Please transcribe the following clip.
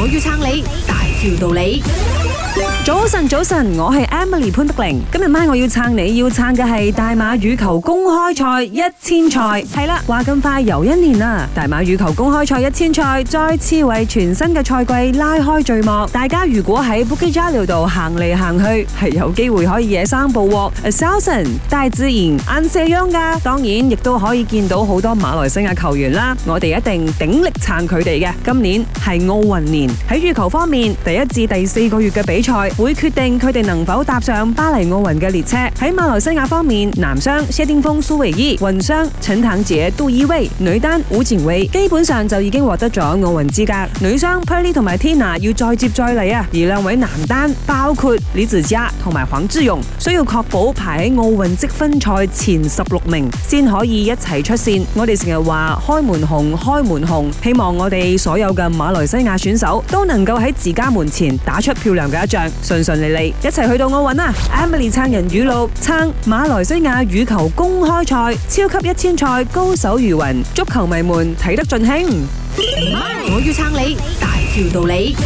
我要撐你，大條道理。早晨，早晨，我係 Emily 潘德玲。今日晚我要撐你，要撐嘅係大馬羽球公開賽一千賽。係啦，話咁快又一年啦。大馬羽球公開賽一千賽再次為全新嘅賽季拉開序幕。大家如果喺 Bukit Jalil 度行嚟行去，係有機會可以野生捕獲。早晨，大自然硬射樣噶，當然亦都可以見到好多馬來西亞球員啦。我哋一定鼎力撐佢哋嘅。今年係奧運年，喺羽球方面，第一至第四個月嘅比賽，會決定佢哋能否搭上巴黎奧運嘅列車。喺馬來西亞方面，男雙謝定峰蘇偉譯、混雙陳堂傑杜依蔚、女單伍前惠，基本上就已經獲得咗奧運資格。女雙 Pearly 同埋 Tina 要再接再厲啊！而兩位男單包括李梓嘉同埋黃智勇，需要確保排喺奧運積分賽前十六名，先可以一齊出線。我哋成日話開門紅，開門紅，希望我哋所有嘅馬來西亞選手都能夠喺自家門前打出漂亮嘅一仗。順順利利，一齊去到奧運啊！Emily 撐人語錄，撐馬來西亞羽球公開賽超級一千賽，高手如雲，祝球迷們睇得盡興。Hi. 我要撐你，大條道理。